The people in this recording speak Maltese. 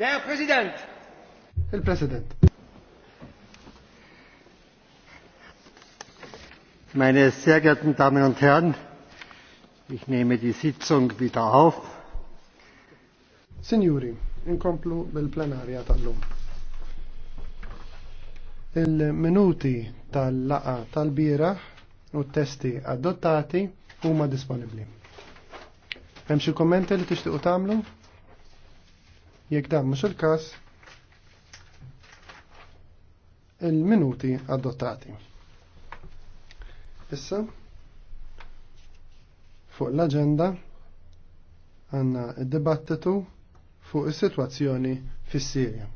Der President. Il-President. Meine sehr geehrten Damen und Herren, ich nehme die Sitzung wieder auf. Signori, inkomplu bil-plenarja tal-lum. Il-minuti tal-laqa tal bira u t-testi adottati huma disponibbli. Hemm xi kummenti li tixtiequ tagħmlu? Jekk dan mhux il-każ, il-minuti adottati. Issa fuq l-aġenda għandna id-dibattitu fuq is-sitwazzjoni fis-Sirja.